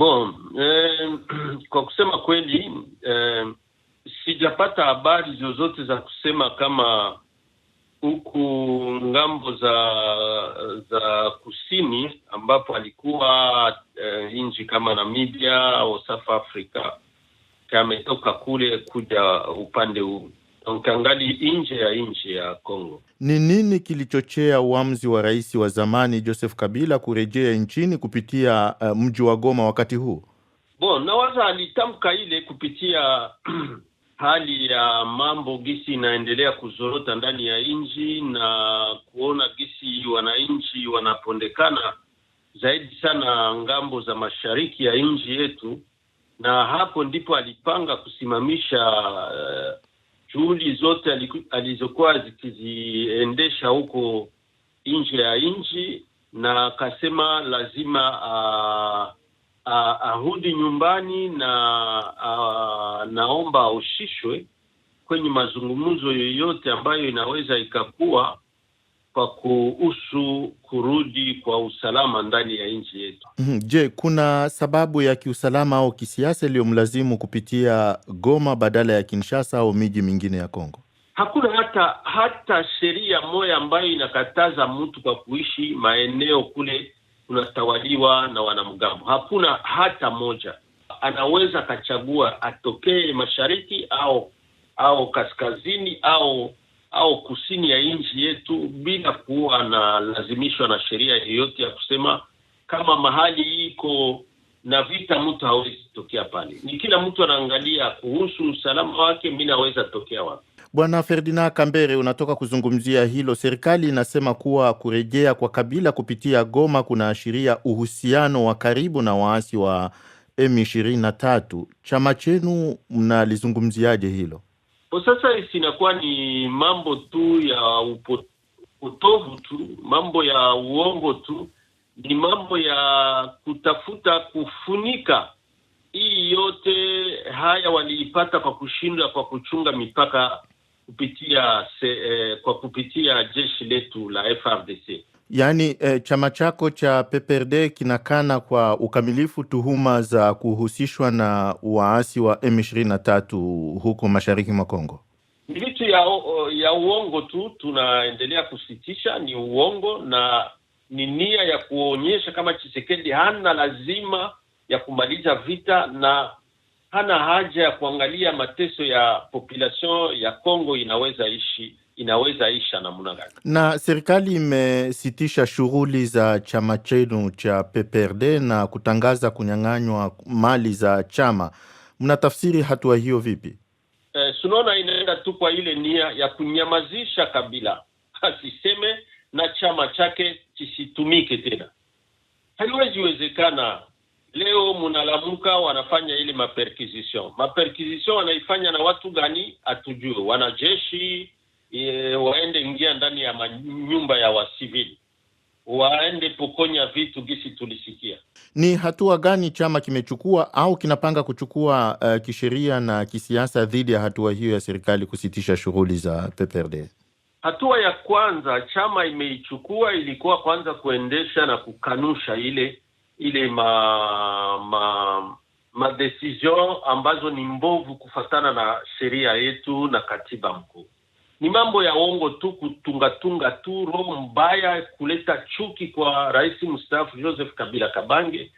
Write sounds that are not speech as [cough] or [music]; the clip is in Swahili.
Bon, eh, [clears throat] kwa kusema kweli eh, sijapata habari zozote za kusema kama huku ngambo za za kusini ambapo alikuwa eh, nchi kama Namibia au South Africa kametoka kule kuja upande huu kangali nje ya nchi ya Kongo. Ni nini kilichochea uamuzi wa rais wa zamani Joseph Kabila kurejea nchini kupitia uh, mji wa Goma wakati huu? Bon, nawaza alitamka ile kupitia [clears throat] hali ya mambo gisi inaendelea kuzorota ndani ya nchi na kuona gisi wananchi wanapondekana zaidi sana ngambo za mashariki ya nchi yetu, na hapo ndipo alipanga kusimamisha uh, shughuli zote alizokuwa zikiziendesha huko nje ya nchi, na akasema lazima a, ah, a, ah, arudi nyumbani na a, ah, naomba ahusishwe kwenye mazungumzo yoyote ambayo inaweza ikakuwa kwa kuhusu kurudi kwa usalama ndani ya nchi yetu. Mm-hmm. Je, kuna sababu ya kiusalama au kisiasa iliyomlazimu kupitia Goma badala ya Kinshasa au miji mingine ya Kongo? Hakuna hata hata sheria moja ambayo inakataza mtu kwa kuishi maeneo kule kunatawaliwa na wanamgambo. Hakuna hata moja. Anaweza akachagua atokee mashariki au au kaskazini au au kusini ya nchi yetu bila kuwa na lazimishwa na sheria yoyote ya kusema kama mahali iko na vita mtu hawezi tokea pale. Ni kila mtu anaangalia kuhusu usalama wake, mi naweza tokea wapi. Bwana Ferdinand Kambere, unatoka kuzungumzia hilo. Serikali inasema kuwa kurejea kwa Kabila kupitia Goma kunaashiria uhusiano wa karibu na waasi wa M23. Chama chenu mnalizungumziaje hilo? Kwa sasa inakuwa ni mambo tu ya upo, upotovu tu, mambo ya uongo tu, ni mambo ya kutafuta kufunika hii yote. Haya waliipata kwa kushindwa kwa kuchunga mipaka kupitia se, eh, kwa kupitia jeshi letu la FRDC. Yaani e, chama chako cha PPRD kinakana kwa ukamilifu tuhuma za kuhusishwa na waasi wa M23 huko mashariki mwa Kongo. Ni vitu ya, ya uongo tu tunaendelea kusitisha, ni uongo na ni nia ya kuonyesha kama Chisekedi hana lazima ya kumaliza vita na hana haja ya kuangalia mateso ya population ya Kongo inaweza ishi inaweza isha namna gani? Na serikali imesitisha shughuli za chama chenu cha PPRD na kutangaza kunyang'anywa mali za chama. Mnatafsiri hatua hiyo vipi? Eh, sunaona inaenda tu kwa ile nia ya kunyamazisha Kabila asiseme na chama chake kisitumike tena. Haiwezi wezekana. Leo munalamuka wanafanya ile maperquisition. Maperquisition wanaifanya na watu gani? Hatujue, wanajeshi waende ingia ndani ya manyumba ya wasivili waende pokonya vitu gisi tulisikia. Ni hatua gani chama kimechukua au kinapanga kuchukua uh, kisheria na kisiasa dhidi ya hatua hiyo ya serikali kusitisha shughuli za PPRD? Hatua ya kwanza chama imeichukua ilikuwa kwanza kuendesha na kukanusha ile ile ma, ma, ma decision ambazo ni mbovu kufatana na sheria yetu na katiba mkuu ni mambo ya ongo tu, kutungatunga tu, roho mbaya, kuleta chuki kwa rais mstaafu Joseph Kabila Kabange